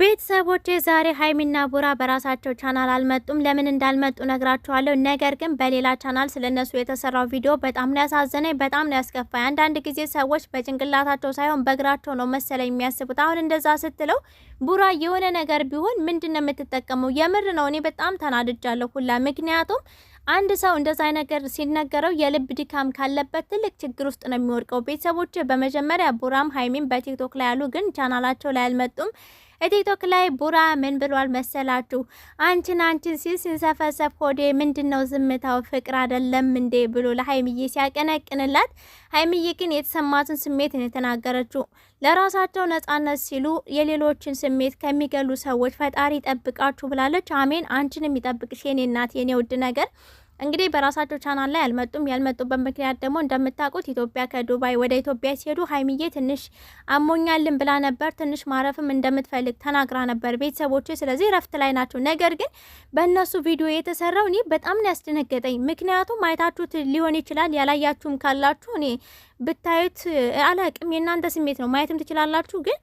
ቤተሰቦች ዛሬ ሀይሚና ቡራ በራሳቸው ቻናል አልመጡም። ለምን እንዳልመጡ ነግራችኋለሁ። ነገር ግን በሌላ ቻናል ስለነሱ የተሰራው ቪዲዮ በጣም ነው ያሳዘነኝ፣ በጣም ነው ያስከፋኝ። አንዳንድ ጊዜ ሰዎች በጭንቅላታቸው ሳይሆን በእግራቸው ነው መሰለኝ የሚያስቡት። አሁን እንደዛ ስትለው ቡራ የሆነ ነገር ቢሆን ምንድን ነው የምትጠቀመው? የምር ነው እኔ በጣም ተናድጃለሁ ሁላ ምክንያቱም አንድ ሰው እንደዛ ነገር ሲነገረው የልብ ድካም ካለበት ትልቅ ችግር ውስጥ ነው የሚወድቀው። ቤተሰቦች በመጀመሪያ ቡራም ሀይሚም በቲክቶክ ላይ ያሉ ግን ቻናላቸው ላይ አልመጡም። ቲክቶክ ላይ ቡራ ምን ብሏል መሰላችሁ? አንቺን አንቺን ሲል ሲንሰፈሰፍ ሆዴ ምንድን ነው ዝምታው ፍቅር አይደለም እንዴ ብሎ ለሀይምዬ ሲያቀነቅንላት፣ ሀይምዬ ግን የተሰማትን ስሜት ነው የተናገረችው። ለራሳቸው ነጻነት ሲሉ የሌሎችን ስሜት ከሚገሉ ሰዎች ፈጣሪ ጠብቃችሁ ብላለች። አሜን። አንቺንም ይጠብቅሽ የኔ እናት የኔ ውድ ነገር እንግዲህ በራሳቸው ቻናል ላይ አልመጡም። ያልመጡበት ምክንያት ደግሞ እንደምታውቁት ኢትዮጵያ ከዱባይ ወደ ኢትዮጵያ ሲሄዱ ሀይሚዬ ትንሽ አሞኛልን ብላ ነበር። ትንሽ ማረፍም እንደምትፈልግ ተናግራ ነበር ቤተሰቦች። ስለዚህ ረፍት ላይ ናቸው። ነገር ግን በእነሱ ቪዲዮ የተሰራው እኔ በጣም ነው ያስደነገጠኝ። ምክንያቱም አይታችሁት ሊሆን ይችላል። ያላያችሁም ካላችሁ እኔ ብታዩት አላቅም። የእናንተ ስሜት ነው፣ ማየትም ትችላላችሁ ግን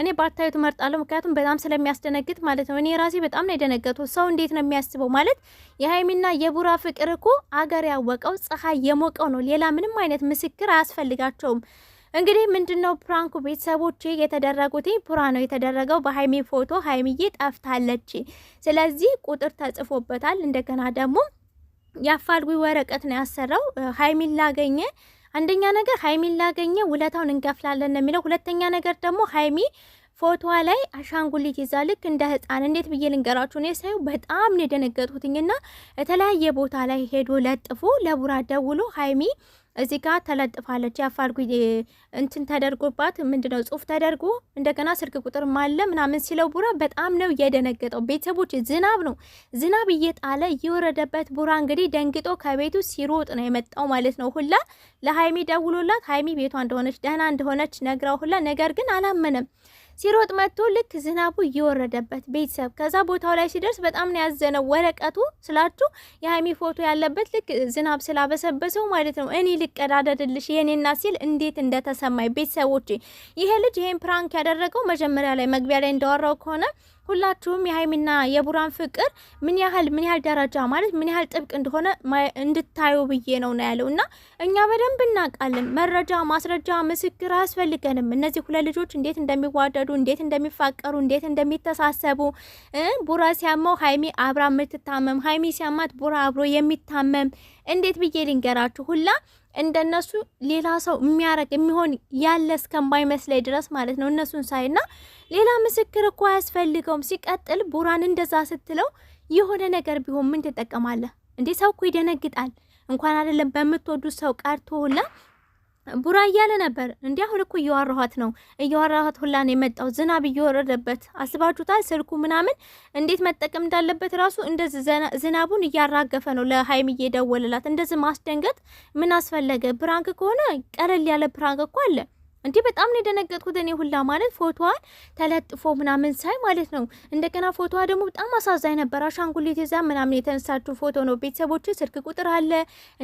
እኔ ባታዩት መርጣለሁ ምክንያቱም በጣም ስለሚያስደነግጥ ማለት ነው። እኔ ራሴ በጣም ነው የደነገጥኩት። ሰው እንዴት ነው የሚያስበው? ማለት የሀይሚና የቡራ ፍቅር እኮ አገር ያወቀው ፀሐይ የሞቀው ነው። ሌላ ምንም አይነት ምስክር አያስፈልጋቸውም። እንግዲህ ምንድነው ፕራንኩ? ቤተሰቦች የተደረጉት ፑራ ነው የተደረገው በሀይሚ ፎቶ። ሀይሚዬ ጠፍታለች፣ ስለዚህ ቁጥር ተጽፎበታል። እንደገና ደግሞ የአፋልጉኝ ወረቀት ነው ያሰራው ሀይሚን ላገኘ አንደኛ ነገር ሀይሚን ላገኘ ውለታውን እንከፍላለን ነው የሚለው። ሁለተኛ ነገር ደግሞ ሀይሚ ፎቶዋ ላይ አሻንጉሊት ይዛ ልክ እንደ ህፃን እንዴት ብዬ ልንገራችሁ፣ እኔ ሳይ በጣም ነው የደነገጥኩትኝና የተለያየ ቦታ ላይ ሄዶ ለጥፎ ለቡራ ደውሎ ሀይሚ እዚህ ጋር ተለጥፋለች። ያፋልጉ እንትን ተደርጎባት ምንድነው ጽሁፍ ተደርጎ እንደገና ስልክ ቁጥር ማለ ምናምን ሲለው ቡራ በጣም ነው የደነገጠው። ቤተሰቦች ዝናብ ነው ዝናብ እየጣለ እየወረደበት ቡራ እንግዲህ ደንግጦ ከቤቱ ሲሮጥ ነው የመጣው ማለት ነው። ሁላ ለሀይሚ ደውሎላት ሀይሚ ቤቷ እንደሆነች ደህና እንደሆነች ነግራው ሁላ ነገር ግን አላመነም። ሲሮጥ መጥቶ ልክ ዝናቡ እየወረደበት ቤተሰብ ከዛ ቦታው ላይ ሲደርስ በጣም ነው ያዘነው። ወረቀቱ ስላችሁ የሀይሚ ፎቶ ያለበት ልክ ዝናብ ስላበሰበሰው ማለት ነው። እኔ ልቀዳደድልሽ የኔና ሲል እንዴት እንደተሰማኝ ቤተሰቦች። ይሄ ልጅ ይሄን ፕራንክ ያደረገው መጀመሪያ ላይ መግቢያ ላይ እንዳወራው ከሆነ ሁላችሁም የሀይሚና የቡራን ፍቅር ምን ያህል ምን ያህል ደረጃ ማለት ምን ያህል ጥብቅ እንደሆነ እንድታዩ ብዬ ነው ነው ያለው እና እኛ በደንብ እናውቃለን። መረጃ፣ ማስረጃ፣ ምስክር አያስፈልገንም። እነዚህ ሁለት ልጆች እንዴት እንደሚዋደዱ፣ እንዴት እንደሚፋቀሩ፣ እንዴት እንደሚተሳሰቡ ቡራ ሲያመው ሀይሚ አብራ የምትታመም ሀይሚ ሲያማት ቡራ አብሮ የሚታመም እንዴት ብዬ ልንገራችሁ ሁላ እንደነሱ ሌላ ሰው የሚያረግ የሚሆን ያለ እስከማይመስለኝ ድረስ ማለት ነው። እነሱን ሳይና ሌላ ምስክር እኮ አያስፈልገውም። ሲቀጥል ቡራን እንደዛ ስትለው የሆነ ነገር ቢሆን ምን ትጠቀማለህ እንዴ? ሰው እኮ ይደነግጣል። እንኳን አይደለም በምትወዱት ሰው ቀርቶ ሁላ ቡራ እያለ ነበር እንዲ አሁን እኮ እየዋራኋት ነው እየዋራኋት ሁላን የመጣው ዝናብ እየወረደበት አስባችሁታል። ስልኩ ምናምን እንዴት መጠቀም እንዳለበት ራሱ እንደዚህ ዝናቡን እያራገፈ ነው ለሀይም እየደወለላት እንደዚህ ማስደንገጥ ምን አስፈለገ? ብራንክ ከሆነ ቀለል ያለ ብራንክ እኮ አለ። እንዴ በጣም ነው የደነገጥኩት እኔ ሁላ ማለት ፎቶዋን ተለጥፎ ምናምን ሳይ ማለት ነው። እንደገና ፎቶዋ ደግሞ በጣም አሳዛኝ ነበር። አሻንጉሊት ይዛ ምናምን የተነሳችው ፎቶ ነው። ቤተሰቦች ስልክ ቁጥር አለ።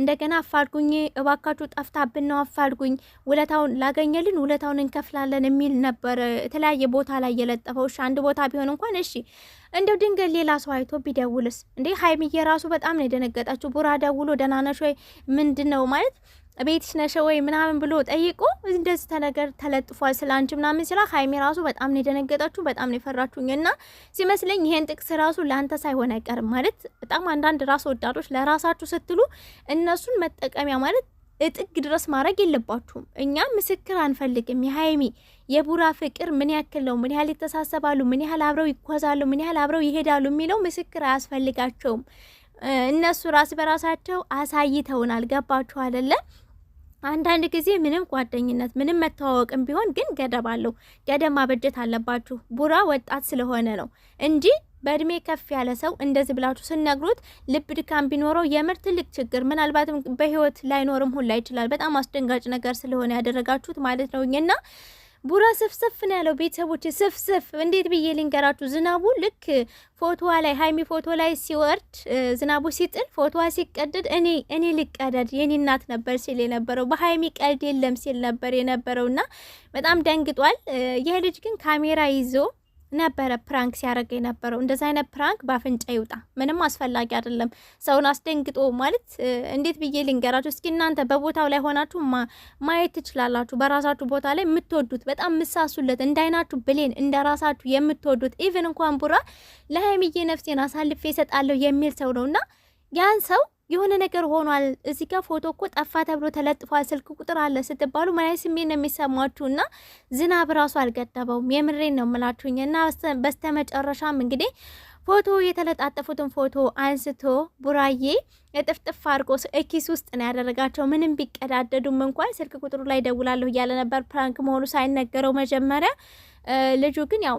እንደገና አፋልጉኝ እባካችሁ፣ ጠፍታብን ነው አፋልጉኝ፣ ውለታውን ላገኘልን ውለታውን እንከፍላለን የሚል ነበር የተለያየ ቦታ ላይ የለጠፈው። እሺ አንድ ቦታ ቢሆን እንኳን እሺ እንደው ድንገት ሌላ ሰው አይቶ ቢደውልስ? እንዴ ሀይሚዬ ራሱ በጣም ነው የደነገጣችሁ። ቡራ ደውሎ ደህና ነሽ ወይ ምንድን ነው ማለት ቤትሽ ነሽ ወይ ምናምን ብሎ ጠይቆ እንደዚህ ተነገር ተለጥፏል ስለ አንቺ ምናምን ሲላ ሀይሜ ራሱ በጣም ነው የደነገጣችሁ፣ በጣም ነው የፈራችሁኝ። እና ሲመስለኝ ይሄን ጥቅስ ራሱ ለአንተ ሳይሆን አይቀርም ማለት በጣም አንዳንድ ራስ ወዳዶች ለራሳችሁ ስትሉ እነሱን መጠቀሚያ ማለት እጥግ ድረስ ማድረግ የለባችሁም። እኛ ምስክር አንፈልግም። የሀይሚ የቡራ ፍቅር ምን ያክል ነው፣ ምን ያህል ይተሳሰባሉ፣ ምን ያህል አብረው ይጓዛሉ፣ ምን ያህል አብረው ይሄዳሉ የሚለው ምስክር አያስፈልጋቸውም። እነሱ ራስ በራሳቸው አሳይተውናል። ገባችሁ አይደለም? አንዳንድ ጊዜ ምንም ጓደኝነት ምንም መተዋወቅም ቢሆን ግን ገደብ አለው። ገደብ ማበጀት አለባችሁ። ቡራ ወጣት ስለሆነ ነው እንጂ በእድሜ ከፍ ያለ ሰው እንደዚህ ብላችሁ ስነግሩት ልብ ድካም ቢኖረው የምር ትልቅ ችግር፣ ምናልባትም በህይወት ላይኖርም ሁላ ይችላል። በጣም አስደንጋጭ ነገር ስለሆነ ያደረጋችሁት ማለት ነው እና ቡራ ስፍስፍ ነው ያለው። ቤተሰቦች ስፍስፍ እንዴት ብዬ ልንገራችሁ? ዝናቡ ልክ ፎቶዋ ላይ ሀይሚ ፎቶ ላይ ሲወርድ ዝናቡ ሲጥል ፎቶዋ ሲቀደድ እኔ እኔ ልቀደድ የኔ እናት ነበር ሲል የነበረው በሀይሚ ቀልድ የለም ሲል ነበር የነበረውና በጣም ደንግጧል። ይህ ልጅ ግን ካሜራ ይዞ ነበረ ፕራንክ ሲያደርግ የነበረው። እንደዚ አይነት ፕራንክ በአፍንጫ ይውጣ፣ ምንም አስፈላጊ አይደለም። ሰውን አስደንግጦ ማለት እንዴት ብዬ ልንገራችሁ? እስኪ እናንተ በቦታው ላይ ሆናችሁ ማየት ትችላላችሁ። በራሳችሁ ቦታ ላይ የምትወዱት በጣም የምሳሱለት እንዳይናችሁ ብሌን እንደ ራሳችሁ የምትወዱት ኢቨን እንኳን ቡራ ለሀይሚዬ ነፍሴን አሳልፌ ይሰጣለሁ የሚል ሰው ነው እና ያን ሰው የሆነ ነገር ሆኗል፣ እዚህ ጋር ፎቶ እኮ ጠፋ ተብሎ ተለጥፏል፣ ስልክ ቁጥር አለ ስትባሉ ምን አይነት ስሜት ነው የሚሰማችሁ? እና ዝናብ ራሱ አልገጠበውም የምሬን ነው የምላችሁኝ። እና በስተመጨረሻም እንግዲህ ፎቶ የተለጣጠፉትን ፎቶ አንስቶ ቡራዬ እጥፍጥፍ አድርጎ ኪስ ውስጥ ነው ያደረጋቸው። ምንም ቢቀዳደዱም እንኳን ስልክ ቁጥሩ ላይ ደውላለሁ እያለ ነበር ፕራንክ መሆኑ ሳይነገረው መጀመሪያ ልጁ ግን ያው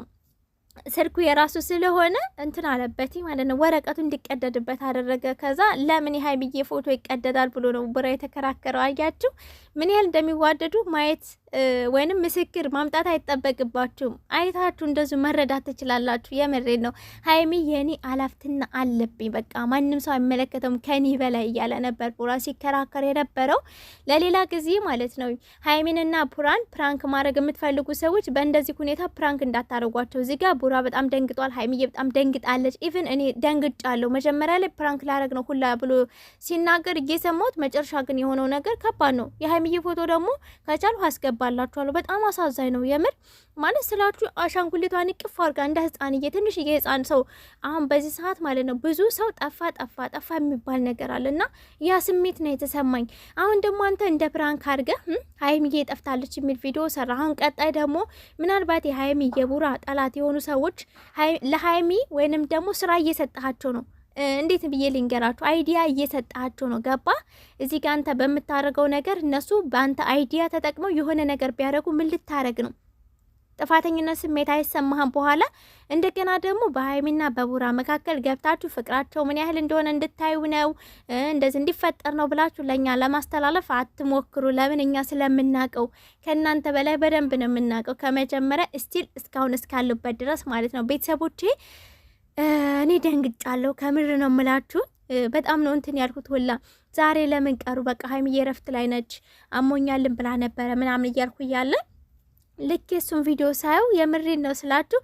ስልኩ የራሱ ስለሆነ እንትን አለበት ማለት ነው። ወረቀቱ እንዲቀደድበት አደረገ። ከዛ ለምን ያህል ብዬ ፎቶ ይቀደዳል ብሎ ነው ቡራ የተከራከረው። አያችሁ ምን ያህል እንደሚዋደዱ ማየት ወይንም ምስክር ማምጣት አይጠበቅባችሁም። አይታችሁ እንደዙ መረዳት ትችላላችሁ። የምሬን ነው። ሀይሚ የኔ አላፍትና አለብኝ፣ በቃ ማንም ሰው አይመለከተውም ከኔ በላይ እያለ ነበር ቡራ ሲከራከር የነበረው። ለሌላ ጊዜ ማለት ነው። ሀይሚንና ቡራን ፕራንክ ማድረግ የምትፈልጉ ሰዎች በእንደዚህ ሁኔታ ፕራንክ እንዳታደርጓቸው። እዚህ ጎራ በጣም ደንግጧል። ሀይሚዬ በጣም ደንግጣለች። ኢቭን እኔ ደንግጫለሁ። መጀመሪያ ላይ ፕራንክ ላረግ ነው ሁላ ብሎ ሲናገር እየሰማሁት፣ መጨረሻ ግን የሆነው ነገር ከባድ ነው። የሀይሚዬ ፎቶ ደግሞ ከቻልሁ አስገባላችኋለሁ። በጣም አሳዛኝ ነው የምር ማለት ስላችሁ አሻንጉሊቷን ቅፍ አርጋ እንደ ህፃንዬ ትንሽዬ ህፃን ሰው አሁን በዚህ ሰዓት ማለት ነው ብዙ ሰው ጠፋ ጠፋ ጠፋ የሚባል ነገር አለ እና ያ ስሜት ነው የተሰማኝ። አሁን ደግሞ አንተ እንደ ፕራንክ አርገ ሀይሚዬ ጠፍታለች የሚል ቪዲዮ ሰራ። አሁን ቀጣይ ደግሞ ምናልባት የሀይሚ የቡራ ጠላት የሆኑ ሰዎች ለሀይሚ ወይንም ደግሞ ስራ እየሰጠሃቸው ነው እንዴት ብዬ ልንገራችሁ? አይዲያ እየሰጣቸው ነው። ገባ እዚህ ጋር አንተ በምታደርገው ነገር እነሱ በአንተ አይዲያ ተጠቅመው የሆነ ነገር ቢያደርጉ ምን ልታደርግ ነው? ጥፋተኝነት ስሜት አይሰማህም። በኋላ እንደገና ደግሞ በሀይሚና በቡራ መካከል ገብታችሁ ፍቅራቸው ምን ያህል እንደሆነ እንድታዩ ነው፣ እንደዚህ እንዲፈጠር ነው ብላችሁ ለእኛ ለማስተላለፍ አትሞክሩ። ለምን እኛ ስለምናውቀው ከእናንተ በላይ በደንብ ነው የምናውቀው፣ ከመጀመሪያ እስቲል እስካሁን እስካሉበት ድረስ ማለት ነው። ቤተሰቦቼ እኔ ደንግጫለሁ፣ ከምር ነው ምላችሁ በጣም ነው እንትን ያልኩት ሁላ ዛሬ ለምን ቀሩ? በቃ ሀይሚ የረፍት ላይ ነች አሞኛልን ብላ ነበረ ምናምን እያልኩ እያለን ልክ የሱን ቪዲዮ ሳየው የምሬን ነው ስላችሁ፣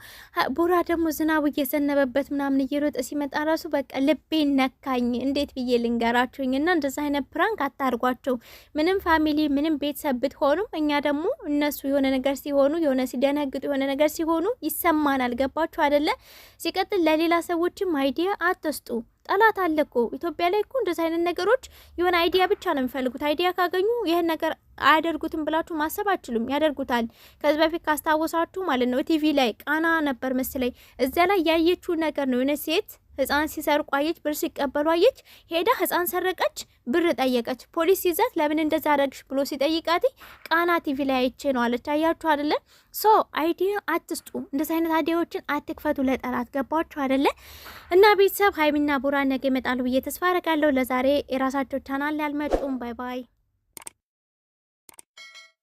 ቦራ ደግሞ ዝናቡ እየዘነበበት ምናምን እየሮጠ ሲመጣ ራሱ በቃ ልቤን ነካኝ። እንዴት ብዬ ልንገራችሁኝ? እና እንደዛ አይነት ፕራንክ አታርጓቸው። ምንም ፋሚሊ ምንም ቤተሰብ ብትሆኑም እኛ ደግሞ እነሱ የሆነ ነገር ሲሆኑ የሆነ ሲደነግጡ የሆነ ነገር ሲሆኑ ይሰማናል። ገባችሁ አደለ? ሲቀጥል ለሌላ ሰዎችም አይዲያ አትስጡ። ጠላት አለ እኮ ኢትዮጵያ ላይ እኮ እንደዚህ አይነት ነገሮች የሆነ አይዲያ ብቻ ነው የሚፈልጉት። አይዲያ ካገኙ ይህን ነገር አያደርጉትም ብላችሁ ማሰብ አችሉም። ያደርጉታል። ከዚህ በፊት ካስታወሳችሁ ማለት ነው ቲቪ ላይ ቃና ነበር መሰለኝ። እዚያ ላይ ያየችው ነገር ነው። የሆነ ሴት ህፃን ሲሰርቁ አየች፣ ብር ሲቀበሉ አየች። ሄዳ ህፃን ሰረቀች፣ ብር ጠየቀች። ፖሊስ ይዘት ለምን እንደዛ አደረግሽ ብሎ ሲጠይቃት ቃና ቲቪ ላይ አይቼ ነው አለች። አያችሁ አደለ? ሶ አይዲያ አትስጡ፣ እንደዚህ አይነት አይዲያዎችን አትክፈቱ ለጠላት። ገባችሁ አደለ? እና ቤተሰብ ሀይሚና ቡራ ነገ ይመጣሉ ብዬ ተስፋ አረጋለሁ። ለዛሬ የራሳቸው ቻናል ያልመጡም። ባይ ባይ